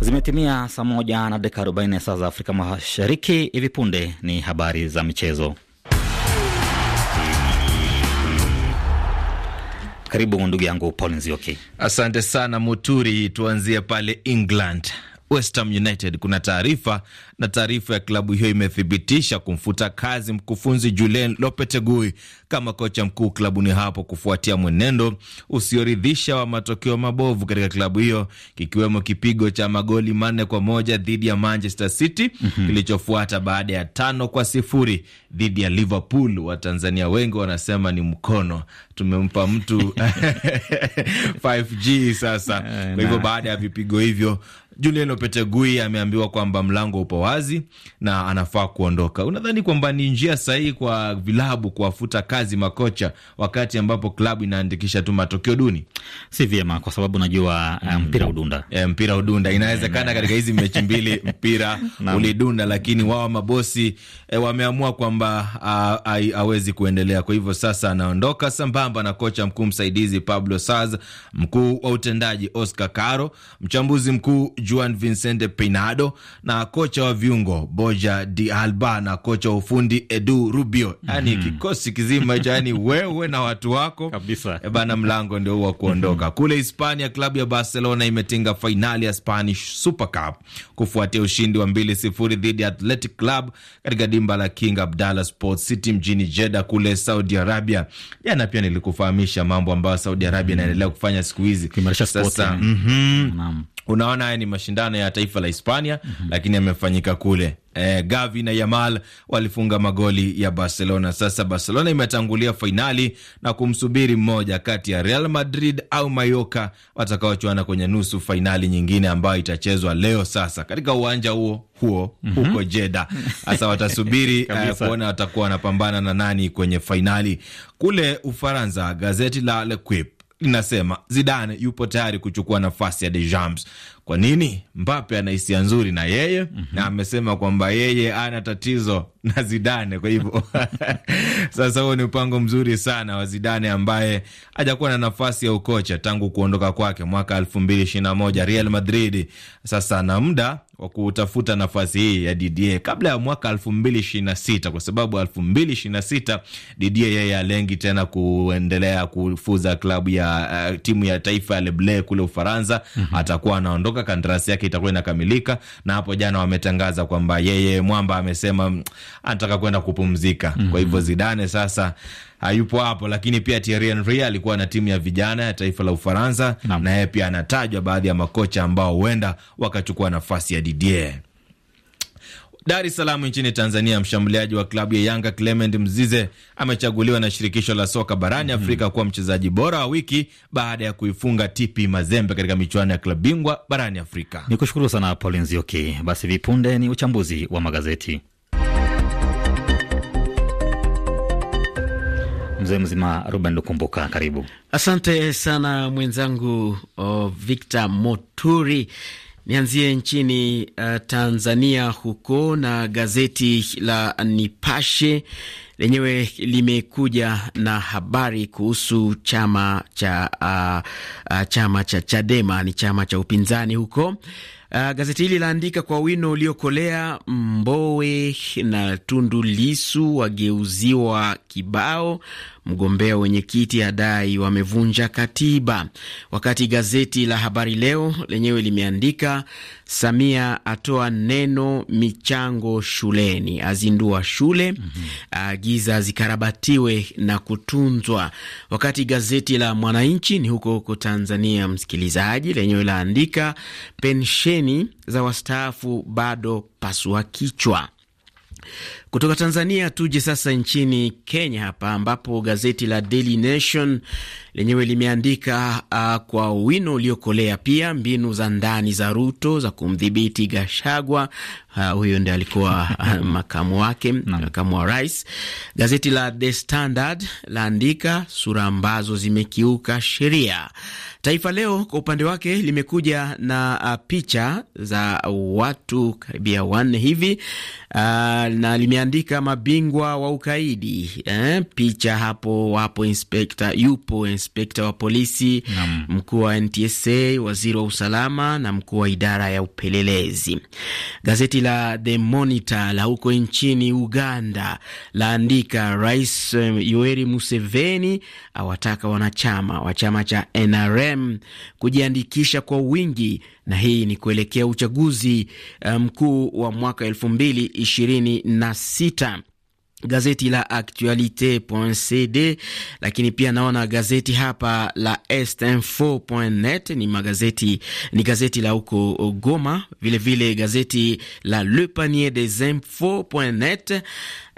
Zimetimia saa moja na dakika 40 saa za Afrika Mashariki. Hivi punde ni habari za michezo. Karibu ndugu yangu Paul Nzioki. Asante sana Muturi, tuanzie pale England West Ham United. Kuna taarifa na taarifa ya klabu hiyo imethibitisha kumfuta kazi mkufunzi Julien Lopetegui kama kocha mkuu klabuni hapo kufuatia mwenendo usioridhisha wa matokeo mabovu katika klabu hiyo kikiwemo kipigo cha magoli manne kwa moja dhidi ya Manchester City mm -hmm. kilichofuata baada ya tano kwa sifuri dhidi ya Liverpool. Watanzania wengi wanasema ni mkono tumempa mtu 5G sasa. Eh, kwa hivyo baada ya vipigo hivyo Julien Lopetegui ameambiwa kwamba mlango upo wazi na anafaa kuondoka. Unadhani kwamba ni njia sahihi kwa vilabu kuwafuta kazi makocha wakati ambapo klabu inaandikisha tu matokeo duni? Si vyema, kwa sababu najua eh, mm, mpira udunda, e, mpira udunda. Inawezekana eh, katika hizi mechi mbili mpira ulidunda, lakini wao mabosi e, wameamua kwamba hawezi kuendelea. Kwa hivyo sasa anaondoka sambamba na kocha mkuu msaidizi Pablo Saz, mkuu wa utendaji Oscar Caro, mchambuzi mkuu Juan Vicente Peinado na kocha wa viungo Boja Di Alba na kocha wa ufundi Edu Rubio. Yani mm. kikosi kizima cha yani wewe na watu wako kabisa. Eh, bana, mlango ndio wa kuondoka. Mhm. Kule Hispania, klabu ya Barcelona imetinga fainali ya Spanish Super Cup kufuatia ushindi wa mbili sifuri dhidi ya Athletic Club katika dimba la King Abdallah Sports City mjini Jeda kule Saudi Arabia. Jana pia nilikufahamisha mambo ambayo Saudi Arabia mhm. inaendelea mm. kufanya siku hizi sasa. mm -hmm. Unaona, haya ni mashindano ya taifa la Hispania mm -hmm. lakini yamefanyika kule eh, Gavi na Yamal walifunga magoli ya Barcelona. Sasa Barcelona imetangulia fainali na kumsubiri mmoja kati ya Real Madrid au mayoka watakaochuana kwenye nusu fainali nyingine ambayo itachezwa leo sasa katika uwanja huo huo mm -hmm. huko Sasa watasubiri eh, kuona watakuwa wanapambana na nani kwenye fainali. Kule Ufaransa, gazeti la L'Equipe linasema Zidane yupo tayari kuchukua nafasi ya Deschamps. Kwa nini? Mbappe ana hisia nzuri na yeye mm -hmm. na mhm. amesema kwamba yeye ana tatizo na Zidane, kwa hivyo sasa huo ni mpango mzuri sana wa Zidane ambaye hajakuwa na nafasi ya ukocha tangu kuondoka kwake mwaka elfu mbili ishirini na moja Real Madrid. Sasa na muda wa kutafuta nafasi hii ya DDA kabla ya mwaka elfu mbili sita kwa sababu elfu mbili sita DDA yeye alengi tena kuendelea kufuza klabu ya uh, timu ya taifa ya lebl kule Ufaransa. mm -hmm. Atakuwa anaondoka, kandarasi yake itakuwa inakamilika, na hapo jana wametangaza kwamba yeye Mwamba amesema mm, anataka kwenda kupumzika. mm -hmm. Kwa hivyo Zidane sasa hayupo hapo, lakini pia Thierry Henry alikuwa na timu ya vijana ya taifa la Ufaransa na, na yeye pia anatajwa baadhi ya makocha ambao huenda wakachukua nafasi ya Didier. Dar es Salaam nchini Tanzania, mshambuliaji wa klabu ya Yanga Clement Mzize amechaguliwa na shirikisho la soka barani mm -hmm. Afrika kuwa mchezaji bora wa wiki baada ya kuifunga TP Mazembe katika michuano ya klabu bingwa barani Afrika. Ni kushukuru sana Paul Nzioki. Basi vipunde ni uchambuzi wa magazeti. mzee mzima Ruben Lukumbuka, karibu. Asante sana mwenzangu oh, Victor Moturi. Nianzie nchini uh, Tanzania huko na gazeti la Nipashe lenyewe limekuja na habari kuhusu chama cha uh, uh, chama cha Chadema ni chama cha upinzani huko. Uh, gazeti hili laandika kwa wino uliokolea, Mbowe na Tundu Lisu wageuziwa kibao mgombea wenyekiti adai wamevunja katiba. Wakati gazeti la Habari Leo lenyewe limeandika Samia atoa neno michango shuleni, azindua shule mm -hmm. Agiza zikarabatiwe na kutunzwa. Wakati gazeti la Mwananchi ni huko huko Tanzania, msikilizaji, lenyewe laandika pensheni za wastaafu bado pasua kichwa kutoka Tanzania tuje sasa nchini Kenya hapa ambapo gazeti la Daily Nation lenyewe limeandika uh, kwa wino uliokolea pia mbinu za ndani za Ruto za kumdhibiti Gashagwa. Uh, huyo ndiye alikuwa uh, makamu wake makamu wa rais. Gazeti la The Standard laandika sura ambazo zimekiuka sheria Taifa Leo kwa upande wake limekuja na uh, picha za watu karibia wanne hivi uh, na limeandika mabingwa wa ukaidi eh, picha hapo wapo inspekta, yupo inspekta wa polisi, mkuu wa NTSA, waziri wa usalama na mkuu wa idara ya upelelezi. Gazeti la The Monitor la huko nchini Uganda laandika Rais um, Yoweri Museveni awataka wanachama wa chama cha NRM CCM kujiandikisha kwa wingi, na hii ni kuelekea uchaguzi eh, mkuu um, wa mwaka 2026. Gazeti la Actualite.cd lakini pia naona gazeti hapa la Estinfo.net ni magazeti, ni gazeti la huko Goma, vilevile vile gazeti la Le Panier des Infos.net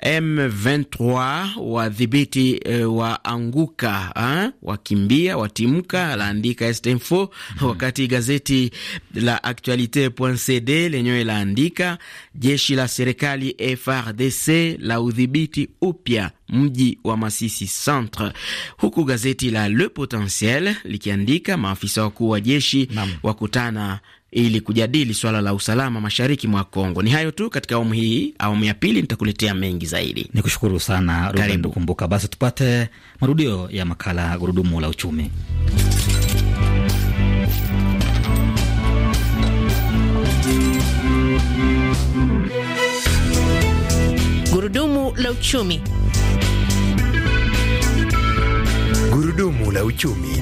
M23 wadhibiti e, eh, waanguka ha? Eh, wakimbia watimka, laandika Stemfo mm -hmm. Wakati gazeti la Actualite.cd lenyewe laandika jeshi la serikali FRDC la udhibiti upya mji wa Masisi Centre, huku gazeti la Le Potentiel likiandika maafisa wakuu wa jeshi wakutana ili kujadili swala la usalama mashariki mwa Kongo. Ni hayo tu katika awamu hii. Awamu ya pili nitakuletea mengi zaidi. Ni kushukuru sana Ruben Basi tupate marudio ya makala Gurudumu la Uchumi. Gurudumu la Uchumi, Gurudumu la Uchumi.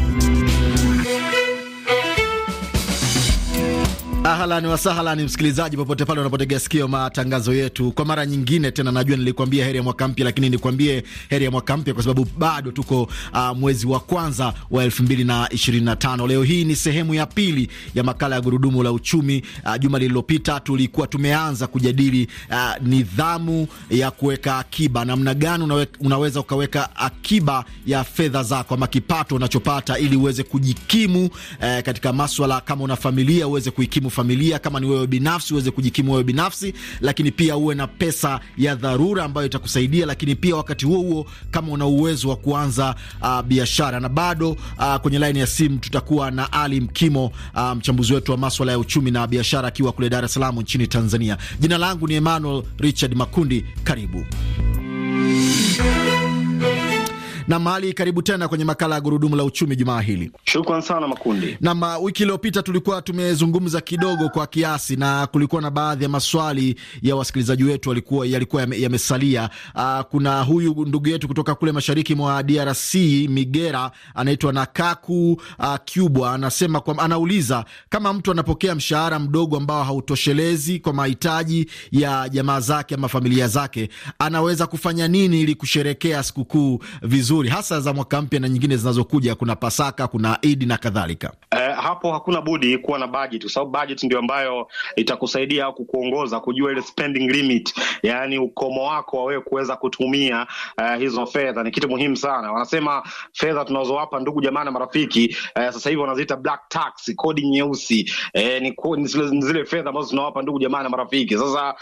Ahlan wasahlan, msikilizaji popote pale unapotegea sikio matangazo yetu kwa mara nyingine tena. Najua nilikwambia heri ya mwaka mpya, lakini nikwambie heri ya mwaka mpya kwa sababu bado tuko uh, mwezi wa kwanza wa 2025. Leo hii ni sehemu ya pili ya makala ya gurudumu la uchumi. Uh, juma lililopita tulikuwa tumeanza kujadili uh, nidhamu ya kuweka akiba, namna gani unawe, unaweza ukaweka akiba ya fedha zako ama kipato unachopata ili uweze kujikimu uh, katika maswala kama una familia uweze kuikimu familia, kama ni wewe binafsi uweze kujikimu wewe binafsi, lakini pia uwe na pesa ya dharura ambayo itakusaidia, lakini pia wakati huo huo kama una uwezo wa kuanza uh, biashara. Na bado uh, kwenye laini ya simu tutakuwa na Ali Mkimo, uh, mchambuzi wetu wa maswala ya uchumi na biashara akiwa kule Dar es Salaam nchini Tanzania. Jina langu ni Emmanuel Richard Makundi, karibu na mali Karibu tena kwenye makala ya gurudumu la uchumi jumaa hili. Shukran sana Makundi. Nam, uh, wiki iliyopita tulikuwa tumezungumza kidogo kwa kiasi, na kulikuwa na baadhi ya maswali ya wasikilizaji wetu walikuwa yalikuwa yamesalia. Aa, uh, kuna huyu ndugu yetu kutoka kule mashariki mwa DRC Migera, anaitwa Nakaku aa, uh, Kubwa, anasema kwa, anauliza kama mtu anapokea mshahara mdogo ambao hautoshelezi kwa mahitaji ya jamaa zake ama familia zake, anaweza kufanya nini ili kusherekea sikukuu vizuri nzuri hasa za mwaka mpya na nyingine zinazokuja. Kuna Pasaka, kuna Idi na kadhalika. Eh, hapo hakuna budi kuwa na budget, kwa sababu budget ndio ambayo itakusaidia au kukuongoza kujua ile spending limit, yani ukomo wako wewe kuweza kutumia uh, hizo fedha. Ni kitu muhimu sana. Wanasema fedha tunazowapa ndugu jamaa na marafiki uh, sasa hivi wanaziita black tax, kodi nyeusi. Uh, ni, ko, ni zile fedha ambazo tunawapa ndugu jamaa na marafiki. Sasa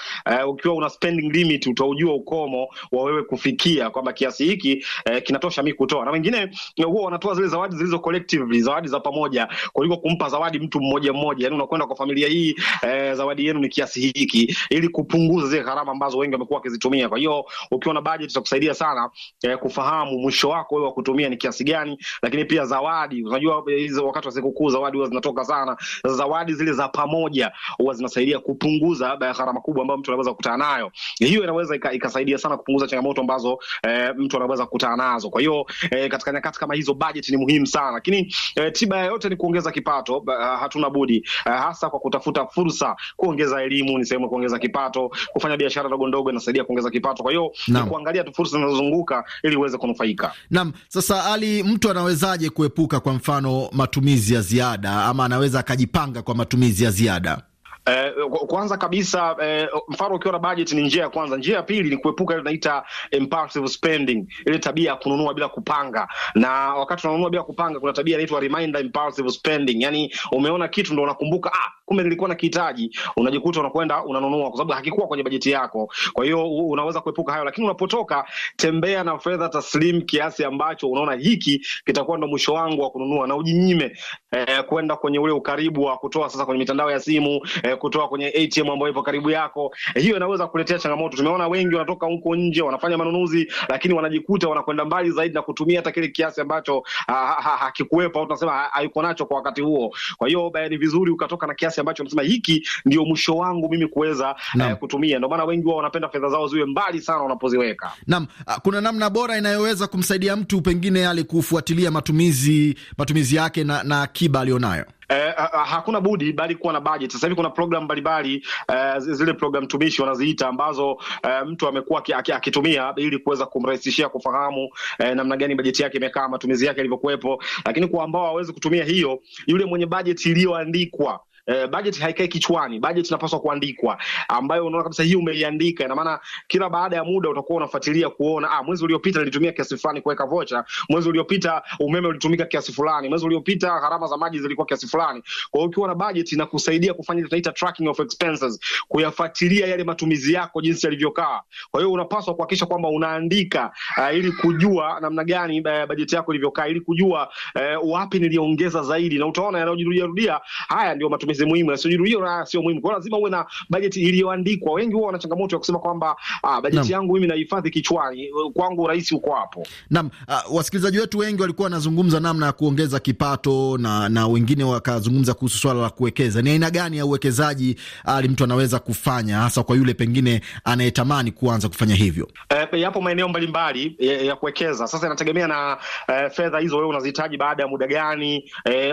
uh, ukiwa una spending limit utaujua ukomo wa wewe kufikia kwamba kiasi hiki uh, kinatosha mimi kutoa, na wengine huwa wanatoa zile zawadi zilizo collectively, zawadi za pamoja kuliko hivyo kumpa zawadi mtu mmoja mmoja, yani unakwenda kwa familia hii eh, zawadi yenu ni kiasi hiki, ili kupunguza zile gharama ambazo wengi wamekuwa wakizitumia. Kwa hiyo ukiwa na budget itakusaidia sana eh, kufahamu mwisho wako wewe wa kutumia ni kiasi gani, lakini pia zawadi, unajua eh, hizo wakati wa sikukuu zawadi huwa zinatoka sana. Zawadi zile za pamoja huwa zinasaidia kupunguza labda gharama kubwa ambayo mtu anaweza kukutana nayo. Hiyo inaweza ikasaidia sana kupunguza changamoto ambazo eh, mtu anaweza kukutana nazo. Kwa hiyo eh, katika nyakati kama hizo budget ni muhimu sana, lakini eh, tiba yote ni kuongeza kipato uh, hatuna budi uh, hasa kwa kutafuta fursa. Kuongeza elimu ni sehemu ya kuongeza kipato, kufanya biashara ndogo ndogo inasaidia kuongeza kipato. Kwa hiyo ni kuangalia tu fursa zinazozunguka ili uweze kunufaika. Naam, sasa Ali, mtu anawezaje kuepuka kwa mfano matumizi ya ziada, ama anaweza akajipanga kwa matumizi ya ziada? Eh, kwanza kabisa eh, mfano ukiwa na budget ni njia ya kwanza. Njia ya pili ni kuepuka ile inaita impulsive spending, ile tabia ya kununua bila kupanga. Na wakati unanunua bila kupanga, kuna tabia inaitwa reminder impulsive spending, yani umeona kitu ndo unakumbuka, ah, kumbe nilikuwa na kihitaji, unajikuta unakwenda unanunua kwa sababu hakikuwa kwenye bajeti yako. Kwa hiyo unaweza kuepuka hayo, lakini unapotoka, tembea na fedha taslim kiasi ambacho unaona hiki kitakuwa ndo mwisho wangu wa kununua, na ujinyime eh, kwenda kwenye ule ukaribu wa kutoa sasa kwenye mitandao ya simu eh, Eh, kutoka kutoa kwenye ATM ambayo ipo karibu yako. Hiyo inaweza kuletea changamoto. Tumeona wengi wanatoka huko nje wanafanya manunuzi, lakini wanajikuta wanakwenda mbali zaidi na kutumia hata kile kiasi ambacho ah, hakikuwepo au tunasema hayuko nacho kwa wakati huo. Kwa hiyo ni vizuri ukatoka na kiasi ambacho unasema hiki ndio mwisho wangu mimi kuweza uh, kutumia. Ndio maana wengi wao wanapenda fedha zao ziwe mbali sana wanapoziweka. Naam, ah, kuna namna bora inayoweza kumsaidia mtu pengine alikufuatilia matumizi matumizi yake na akiba aliyonayo eh, hakuna budi bali kuwa na budget. Sasa hivi kuna program mbalimbali eh, zile program tumishi wanaziita ambazo eh, mtu amekuwa akitumia ili kuweza kumrahisishia kufahamu eh, namna gani bajeti yake imekaa, matumizi yake yalivyokuwepo, lakini kwa ambao hawezi kutumia hiyo, yule mwenye bajeti iliyoandikwa eh, budget haikai kichwani, bajeti inapaswa kuandikwa, ambayo unaona kabisa hii umeiandika. Ina maana kila baada ya muda utakuwa unafuatilia kuona, ah, mwezi uliopita nilitumia kiasi fulani kuweka vocha, mwezi uliopita umeme ulitumika kiasi fulani, mwezi uliopita gharama za maji zilikuwa kiasi fulani. Kwa hiyo ukiwa na budget inakusaidia kufanya tunaita tracking of expenses, kuyafuatilia yale matumizi yako jinsi yalivyokaa. Kwa hiyo unapaswa kuhakikisha kwamba unaandika uh, ili kujua namna gani uh, eh, bajeti yako ilivyokaa, ili kujua uh, wapi niliongeza zaidi, na utaona yanayojirudia rudia, haya ndio matumizi matumizi muhimu na hiyo na sio muhimu. Kwa hiyo lazima uwe na bajeti iliyoandikwa. Wengi huwa wana changamoto ya kusema kwamba ah, bajeti yangu mimi nahifadhi kichwani, kwangu rahisi uko hapo. Naam, uh, wasikilizaji wetu wengi walikuwa wanazungumza namna ya kuongeza kipato na, na wengine wakazungumza kuhusu swala la kuwekeza. Ni aina gani ya uwekezaji ali ah, mtu anaweza kufanya hasa kwa yule pengine anayetamani kuanza kufanya hivyo? Uh, yapo maeneo mbalimbali ya, eh, ya kuwekeza. Sasa inategemea na uh, fedha hizo wewe unazihitaji baada ya muda gani?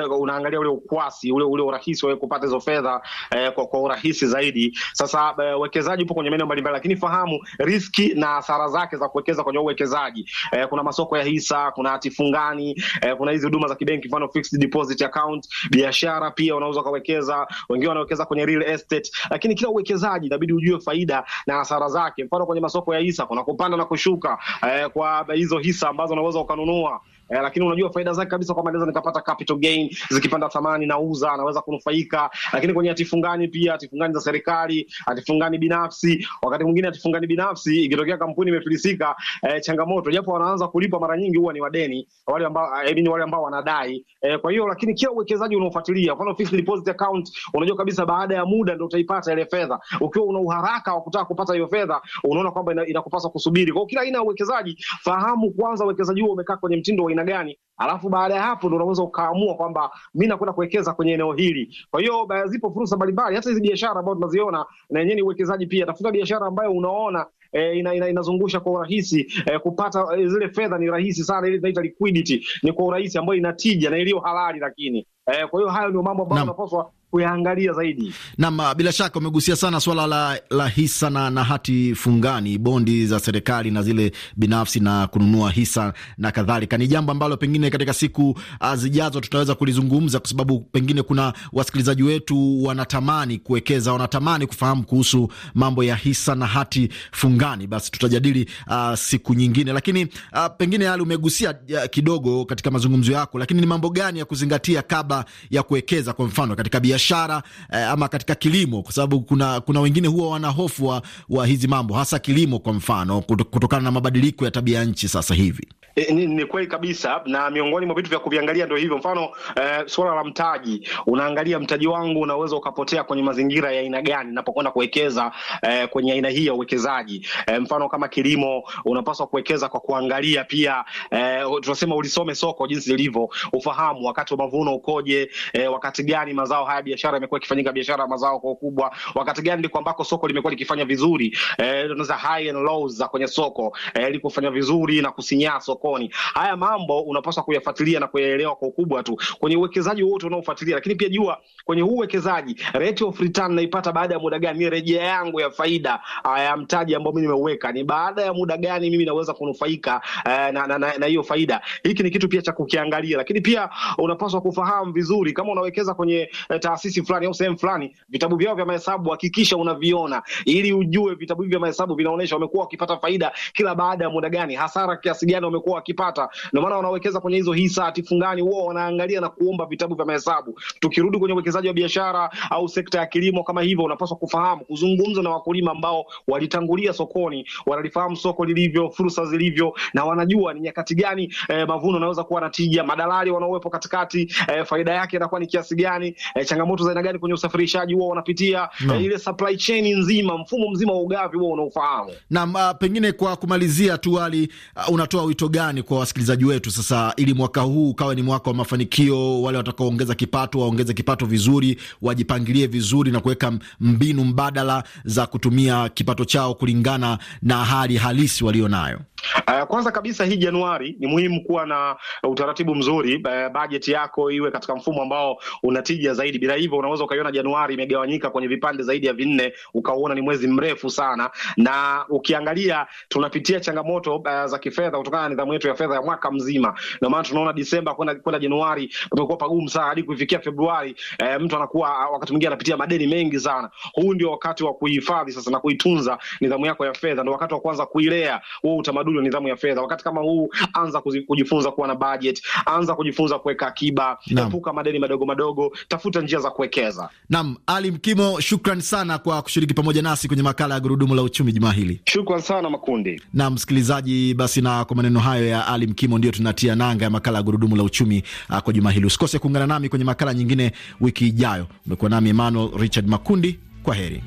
Uh, unaangalia ule ukwasi ule ule urahisi wa kupata hizo fedha eh, kwa, kwa urahisi zaidi. Sasa eh, uwekezaji eh, upo kwenye maeneo mbalimbali, lakini fahamu riski na hasara zake za kuwekeza kwenye uwekezaji eh, kuna masoko ya hisa, kuna hati fungani eh, kuna hizi huduma za kibenki, mfano fixed deposit account, biashara pia unaweza kuwekeza, Wengine wanawekeza kwenye real estate, lakini kila uwekezaji inabidi ujue faida na hasara zake. Mfano kwenye masoko ya hisa kuna kupanda na kushuka eh, kwa hizo hisa ambazo unaweza ukanunua eh, lakini unajua faida zake kabisa, kwa maana nikapata capital gain, zikipanda thamani nauza, anaweza kunufaika kuendesha, lakini kwenye hatifungani pia, hatifungani za serikali, hatifungani binafsi, wakati mwingine hatifungani binafsi ikitokea kampuni imefilisika, eh, changamoto japo wanaanza kulipa mara nyingi huwa ni wadeni wale ambao eh, ni wale ambao wanadai eh, kwa hiyo lakini kila uwekezaji unaofuatilia, kwa mfano fixed deposit account, unajua kabisa baada ya muda ndio utaipata ile fedha. Ukiwa una uharaka wa kutaka kupata hiyo fedha, unaona kwamba inakupasa ina kusubiri. Kwa hiyo kila aina ya uwekezaji, fahamu kwanza uwekezaji huo umekaa kwenye mtindo wa aina gani alafu baada ya hapo ndo unaweza ukaamua kwamba mi nakwenda kuwekeza kwenye eneo hili. Kwa hiyo zipo fursa mbalimbali, hata hizi biashara ambazo tunaziona na yenyewe ni uwekezaji pia. Tafuta biashara ambayo unaona E, ina, ina, inazungusha kwa urahisi e, kupata e, zile fedha ni rahisi sana, ile inaita liquidity ni kwa urahisi ambayo inatija na iliyo halali lakini e, kwa hiyo hayo ndio mambo ambayo unapaswa kuyaangalia zaidi. Naam, ah, bila shaka umegusia sana swala la, la hisa na, na hati fungani, bondi za serikali na zile binafsi na kununua hisa na kadhalika. Ni jambo ambalo pengine katika siku ah, zijazo tutaweza kulizungumza, kwa sababu pengine kuna wasikilizaji wetu wanatamani kuwekeza, wanatamani kufahamu kuhusu mambo ya hisa na hati fungani. Basi tutajadili uh, siku nyingine, lakini uh, pengine hali umegusia uh, kidogo katika mazungumzo yako, lakini ni mambo gani ya kuzingatia kabla ya kuwekeza, kwa mfano katika biashara biashara eh, ama katika kilimo, kwa sababu kuna, kuna wengine huwa wanahofu wa, wa hizi mambo hasa kilimo, kwa mfano kutokana na mabadiliko ya tabia nchi sasa hivi. Eh, ni, ni kweli kabisa, na miongoni mwa vitu vya kuviangalia ndio hivyo. Mfano eh, suala la mtaji, unaangalia mtaji wangu unaweza ukapotea kwenye mazingira ya aina gani napokwenda kuwekeza eh, kwenye aina hii ya uwekezaji eh, mfano kama kilimo, unapaswa kuwekeza kwa kuangalia pia eh, tunasema ulisome soko jinsi lilivyo, ufahamu wakati wa mavuno ukoje, eh, wakati gani mazao haya biashara imekuwa ikifanyika biashara mazao kwa ukubwa, wakati gani ndiko ambako soko limekuwa likifanya vizuri, eh, tunaweza high and lows za kwenye soko eh, likufanya vizuri na kusinyaa soko sokoni. Haya mambo unapaswa kuyafuatilia na kuyaelewa kwa ukubwa tu kwenye uwekezaji wote unaofuatilia, lakini pia jua kwenye huu uwekezaji rate of return naipata baada ya muda gani? Ni rejea yangu ya faida ah, ya mtaji ambao mimi nimeuweka, ni baada ya muda gani mimi naweza kunufaika eh, na na, na, na, hiyo faida. Hiki ni kitu pia cha kukiangalia, lakini pia unapaswa kufahamu vizuri kama unawekeza kwenye eh, taasisi fulani au sehemu fulani, vitabu vyao vya mahesabu hakikisha unaviona, ili ujue vitabu hivi vya mahesabu vinaonyesha wamekuwa wakipata faida kila baada ya muda gani, hasara kiasi gani wamekuwa wamekuwa wakipata. Ndio maana wanawekeza kwenye hizo hisa hatifungani, wao wanaangalia na kuomba vitabu vya mahesabu. Tukirudi kwenye uwekezaji wa biashara au sekta ya kilimo kama hivyo, unapaswa kufahamu kuzungumza na wakulima ambao walitangulia sokoni, wanalifahamu soko lilivyo, fursa zilivyo, na wanajua ni nyakati gani eh, mavuno yanaweza kuwa na tija. Madalali wanaowepo katikati eh, faida yake inakuwa ni kiasi gani? Eh, changamoto za aina gani kwenye usafirishaji huwa wanapitia no. Eh, ile supply chain nzima, mfumo mzima wa ugavi huwa unaofahamu. Na uh, ah, pengine kwa kumalizia tu, hali uh, ah, unatoa wito gani gani kwa wasikilizaji wetu sasa, ili mwaka huu ukawe ni mwaka wa mafanikio? Wale watakaoongeza kipato waongeze kipato vizuri, wajipangilie vizuri na kuweka mbinu mbadala za kutumia kipato chao kulingana na hali halisi walionayo. Uh, kwanza kabisa hii Januari ni muhimu kuwa na utaratibu mzuri, uh, eh, bajeti yako iwe katika mfumo ambao unatija zaidi. Bila hivyo unaweza ukaiona Januari imegawanyika kwenye vipande zaidi ya vinne, ukauona ni mwezi mrefu sana, na ukiangalia tunapitia changamoto uh, za kifedha kutokana na nidhamu yetu ya fedha ya mwaka mzima. Ndio maana tunaona Disemba kwenda kwenda Januari umekuwa pagumu sana, hadi kufikia Februari uh, mtu anakuwa ah, wakati mwingine anapitia madeni mengi sana. Huu ndio wakati wa kuhifadhi sasa na kuitunza nidhamu yako ya fedha, ndio wakati wa kwanza kuilea huo utamaduni hilo nidhamu ya fedha. Wakati kama huu, anza kujifunza kuwa na budget, anza kujifunza kuweka akiba, epuka madeni madogo madogo, tafuta njia za kuwekeza. Naam, Ali Mkimo, shukran sana kwa kushiriki pamoja nasi kwenye makala ya gurudumu la uchumi juma hili. Shukran sana Makundi. Na msikilizaji, basi na kwa maneno hayo ya Ali Mkimo, ndio tunatia nanga ya makala ya gurudumu la uchumi ah, kwa juma hili. Usikose kuungana nami kwenye makala nyingine wiki ijayo. Umekuwa nami Emmanuel Richard Makundi, kwa heri.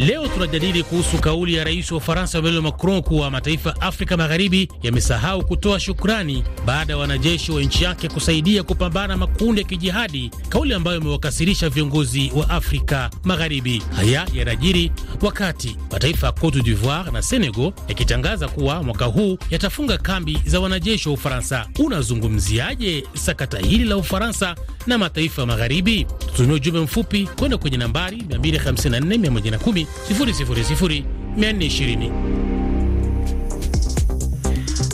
Leo tunajadili kuhusu kauli ya rais wa Ufaransa Emmanuel Macron kuwa mataifa ya Afrika Magharibi yamesahau kutoa shukrani baada ya wanajeshi wa nchi yake kusaidia kupambana makundi ya kijihadi, kauli ambayo imewakasirisha viongozi wa Afrika Magharibi. Haya yanajiri wakati mataifa ya Cote d'Ivoire na Senegal yakitangaza kuwa mwaka huu yatafunga kambi za wanajeshi wa Ufaransa. Unazungumziaje sakata hili la Ufaransa na mataifa magharibi. Tutumia ujumbe mfupi kwenda kwenye nambari 254 110 000 420.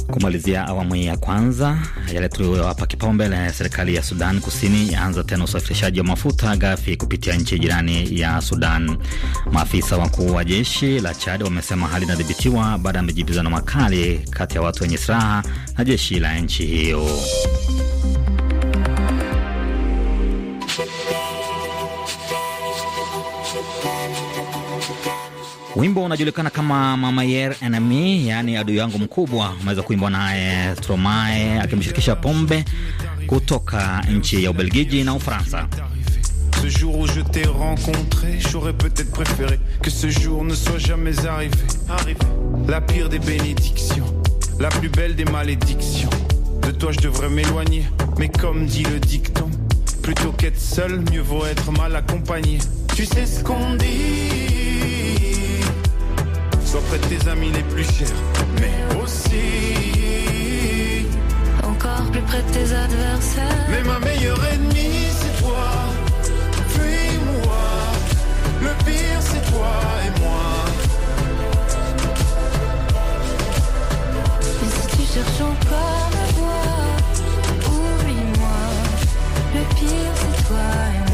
Kumalizia awamu ya kwanza, yale tuliyowapa kipaumbele ya serikali ya Sudan Kusini yaanza tena usafirishaji wa mafuta ghafi kupitia nchi jirani ya Sudan. Maafisa wakuu wa jeshi la Chad wamesema hali inadhibitiwa baada ya majibizano makali kati ya watu wenye silaha na jeshi la nchi hiyo. na Ce jour où je t'ai rencontré, j'aurais peut-être préféré que ce jour ne soit jamais arrivé. Arrivé. La pire des bénédictions, la plus belle des malédictions. De toi je devrais m'éloigner, mais comme dit le dicton, plutôt qu'être seul, mieux vaut être mal accompagné. Tu sais ce qu'on dit près de tes amis les plus chers, mais aussi encore plus près de tes adversaires. Mais ma meilleure ennemie, c'est toi, puis moi. Le pire, c'est toi et moi. Mais si tu cherches encore la voie, oublie-moi. Le pire, c'est toi et moi.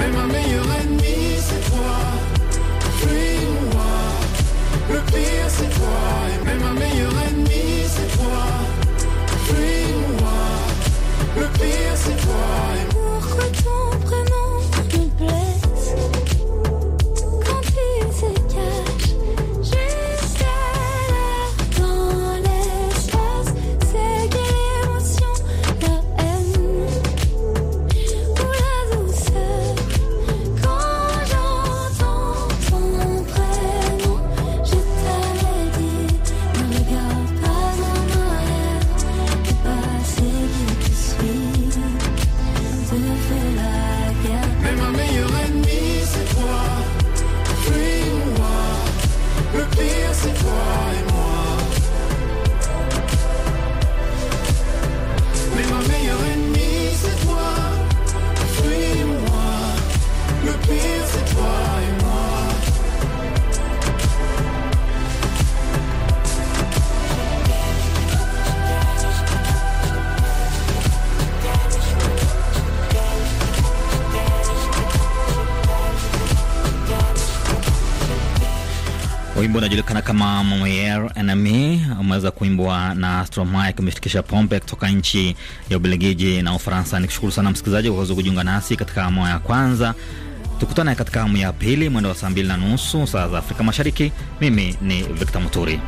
Mais ma meilleure ennemie, c'est toi. Fuis moi Le pire, c'est toi. Et même ma meilleure ennemie, c'est toi. Fuis moi Le pire, c'est toi. Wimbo unajulikana kama Mamayer Enemy umeweza kuimbwa na Stromae kumshirikisha pompe kutoka nchi ya Ubelgiji na Ufaransa. ni kushukuru sana msikilizaji kwa kuweza kujiunga nasi katika awamu ya kwanza. Tukutane katika awamu ya pili mwendo wa saa mbili na nusu saa za Afrika Mashariki. Mimi ni Victor Muturi.